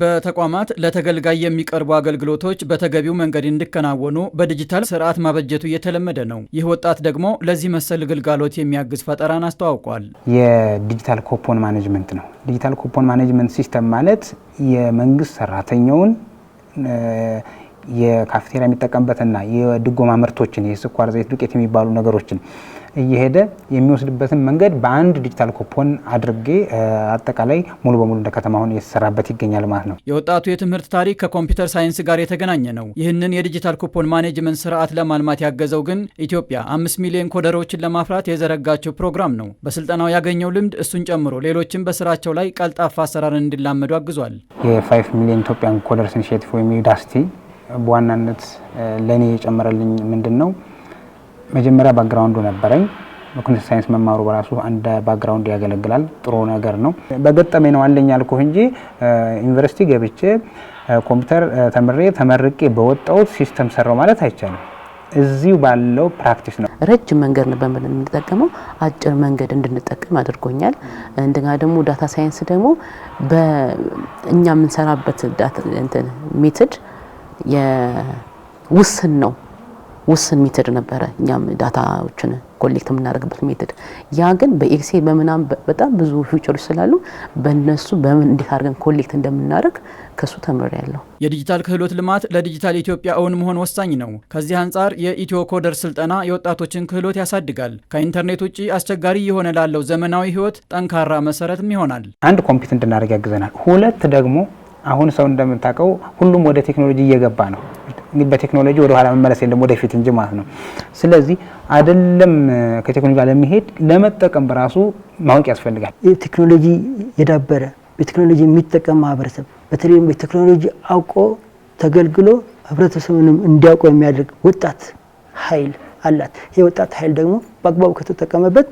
በተቋማት ለተገልጋይ የሚቀርቡ አገልግሎቶች በተገቢው መንገድ እንዲከናወኑ በዲጂታል ስርዓት ማበጀቱ እየተለመደ ነው። ይህ ወጣት ደግሞ ለዚህ መሰል ግልጋሎት የሚያግዝ ፈጠራን አስተዋውቋል። የዲጂታል ኮፖን ማኔጅመንት ነው። ዲጂታል ኮፖን ማኔጅመንት ሲስተም ማለት የመንግስት ሰራተኛውን የካፍቴሪያ የሚጠቀምበትና የድጎማ ምርቶችን የስኳር ዘይት፣ ዱቄት የሚባሉ ነገሮችን እየሄደ የሚወስድበትን መንገድ በአንድ ዲጂታል ኮፖን አድርጌ አጠቃላይ ሙሉ በሙሉ እንደ ከተማ አሁን የተሰራበት ይገኛል ማለት ነው። የወጣቱ የትምህርት ታሪክ ከኮምፒውተር ሳይንስ ጋር የተገናኘ ነው። ይህንን የዲጂታል ኮፖን ማኔጅመንት ስርዓት ለማልማት ያገዘው ግን ኢትዮጵያ አምስት ሚሊዮን ኮደሮችን ለማፍራት የዘረጋቸው ፕሮግራም ነው። በስልጠናው ያገኘው ልምድ እሱን ጨምሮ ሌሎችን በስራቸው ላይ ቀልጣፋ አሰራርን እንዲላመዱ አግዟል። የፋይቭ ሚሊዮን ኢትዮጵያን ኮደርስ ኢኒሽቲቭ ወይም ዩዳስቲ በዋናነት ለእኔ የጨመረልኝ ምንድን ነው መጀመሪያ ባክግራውንዱ ነበረኝ። ምክንያት ሳይንስ መማሩ በራሱ አንድ ባክግራውንድ ያገለግላል። ጥሩ ነገር ነው። በገጠሜ ነው አለኝ ያልኩህ እንጂ ዩኒቨርሲቲ ገብቼ ኮምፒውተር ተምሬ ተመርቄ በወጣሁት ሲስተም ሰራው ማለት አይቻልም። እዚሁ ባለው ፕራክቲስ ነው። ረጅም መንገድ ነበር የምንጠቀመው፣ አጭር መንገድ እንድንጠቀም አድርጎኛል። እንደገና ደግሞ ዳታ ሳይንስ ደግሞ እኛ የምንሰራበት ሜትድ ውስን ነው። ውስን ሜተድ ነበረ። እኛም ዳታዎችን ኮሌክት የምናደርግበት ሜተድ ያ ግን በኤክሴል በምናም በጣም ብዙ ፊውቸሮች ስላሉ በእነሱ በምን እንዴት አድርገን ኮሌክት እንደምናደርግ ከሱ ተምሬያለሁ። የዲጂታል ክህሎት ልማት ለዲጂታል ኢትዮጵያ እውን መሆን ወሳኝ ነው። ከዚህ አንጻር የኢትዮ ኮደር ስልጠና የወጣቶችን ክህሎት ያሳድጋል፣ ከኢንተርኔት ውጭ አስቸጋሪ የሆነ ላለው ዘመናዊ ህይወት ጠንካራ መሰረትም ይሆናል። አንድ ኮምፒት እንድናደርግ ያግዘናል። ሁለት ደግሞ አሁን ሰው እንደምታውቀው ሁሉም ወደ ቴክኖሎጂ እየገባ ነው። በቴክኖሎጂ ወደ ኋላ መመለስ የለም ወደፊት እንጂ ማለት ነው። ስለዚህ አይደለም ከቴክኖሎጂ ጋር ለመሄድ ለመጠቀም በራሱ ማወቅ ያስፈልጋል። ቴክኖሎጂ የዳበረ በቴክኖሎጂ የሚጠቀም ማህበረሰብ በተለይም በቴክኖሎጂ አውቆ ተገልግሎ ህብረተሰቡንም እንዲያውቀ የሚያደርግ ወጣት ኃይል አላት። ይህ ወጣት ኃይል ደግሞ በአግባቡ ከተጠቀመበት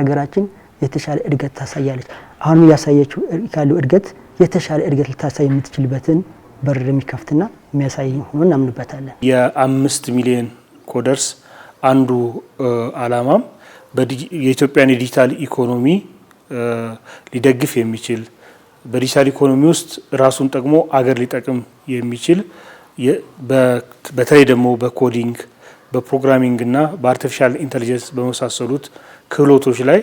ሀገራችን የተሻለ እድገት ታሳያለች። አሁንም እያሳየችው ካለው እድገት የተሻለ እድገት ልታሳይ የምትችልበትን በር የሚከፍትና የሚያሳይ ሆኖ እናምንበታለን። የአምስት ሚሊዮን ኮደርስ አንዱ አላማም የኢትዮጵያን የዲጂታል ኢኮኖሚ ሊደግፍ የሚችል በዲጂታል ኢኮኖሚ ውስጥ ራሱን ጠቅሞ አገር ሊጠቅም የሚችል በተለይ ደግሞ በኮዲንግ በፕሮግራሚንግ እና በአርቲፊሻል ኢንቴሊጀንስ በመሳሰሉት ክህሎቶች ላይ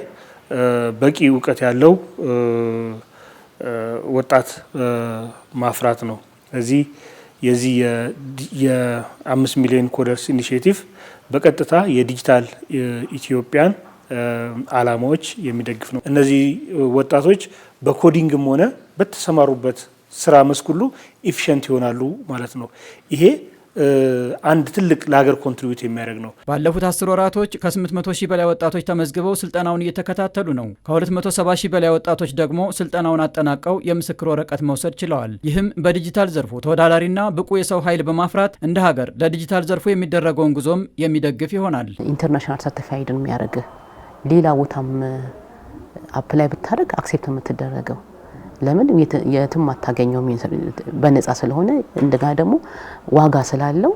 በቂ እውቀት ያለው ወጣት ማፍራት ነው። እዚህ የዚህ የአምስት ሚሊዮን ኮደርስ ኢኒሽቲቭ በቀጥታ የዲጂታል ኢትዮጵያን አላማዎች የሚደግፍ ነው። እነዚህ ወጣቶች በኮዲንግም ሆነ በተሰማሩበት ስራ መስክ ሁሉ ይሆናሉ ማለት ነው ይሄ አንድ ትልቅ ለሀገር ኮንትሪቢዩት የሚያደርግ ነው። ባለፉት አስር ወራቶች ከ800 ሺህ በላይ ወጣቶች ተመዝግበው ስልጠናውን እየተከታተሉ ነው። ከ270 ሺህ በላይ ወጣቶች ደግሞ ስልጠናውን አጠናቀው የምስክር ወረቀት መውሰድ ችለዋል። ይህም በዲጂታል ዘርፉ ተወዳዳሪና ብቁ የሰው ኃይል በማፍራት እንደ ሀገር ለዲጂታል ዘርፉ የሚደረገውን ጉዞም የሚደግፍ ይሆናል። ኢንተርናሽናል ሰርቲፋይድ የሚያደርግህ ሌላ ቦታም አፕላይ ብታደርግ አክሴፕት የምትደረገው ለምን የትም አታገኘውም በነጻ ስለሆነ፣ እንደገና ደግሞ ዋጋ ስላለው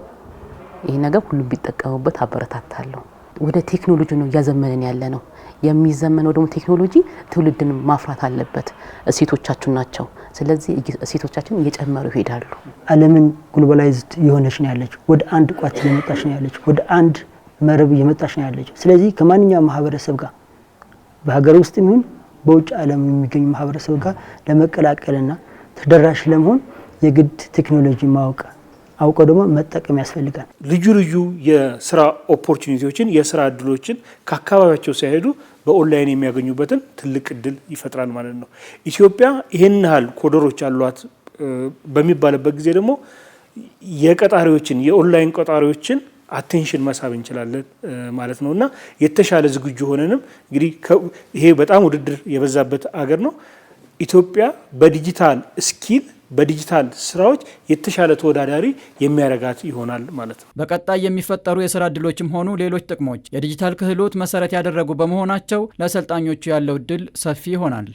ይሄ ነገር ሁሉም ቢጠቀሙበት አበረታታለሁ። ወደ ቴክኖሎጂ ነው እያዘመንን ያለ ነው። የሚዘመነው ደግሞ ቴክኖሎጂ ትውልድን ማፍራት አለበት። እሴቶቻችን ናቸው። ስለዚህ እሴቶቻችን እየጨመሩ ይሄዳሉ። ዓለምን ግሎባላይዝድ የሆነች ነው ያለች፣ ወደ አንድ ቋት እየመጣች ነው ያለች፣ ወደ አንድ መረብ እየመጣች ነው ያለች። ስለዚህ ከማንኛውም ማህበረሰብ ጋር በሀገር ውስጥ ይሁን በውጭ ዓለም የሚገኙ ማህበረሰብ ጋር ለመቀላቀልና ተደራሽ ለመሆን የግድ ቴክኖሎጂ ማወቅ አውቀ ደግሞ መጠቀም ያስፈልጋል። ልዩ ልዩ የስራ ኦፖርቹኒቲዎችን የስራ እድሎችን ከአካባቢያቸው ሳይሄዱ በኦንላይን የሚያገኙበትን ትልቅ እድል ይፈጥራል ማለት ነው። ኢትዮጵያ ይህን ያህል ኮደሮች አሏት በሚባልበት ጊዜ ደግሞ የቀጣሪዎችን የኦንላይን ቀጣሪዎችን አቴንሽን መሳብ እንችላለን ማለት ነው እና የተሻለ ዝግጁ ሆነንም እንግዲህ ይሄ በጣም ውድድር የበዛበት አገር ነው። ኢትዮጵያ በዲጂታል ስኪል በዲጂታል ስራዎች የተሻለ ተወዳዳሪ የሚያረጋት ይሆናል ማለት ነው። በቀጣይ የሚፈጠሩ የስራ እድሎችም ሆኑ ሌሎች ጥቅሞች የዲጂታል ክህሎት መሰረት ያደረጉ በመሆናቸው ለሰልጣኞቹ ያለው እድል ሰፊ ይሆናል።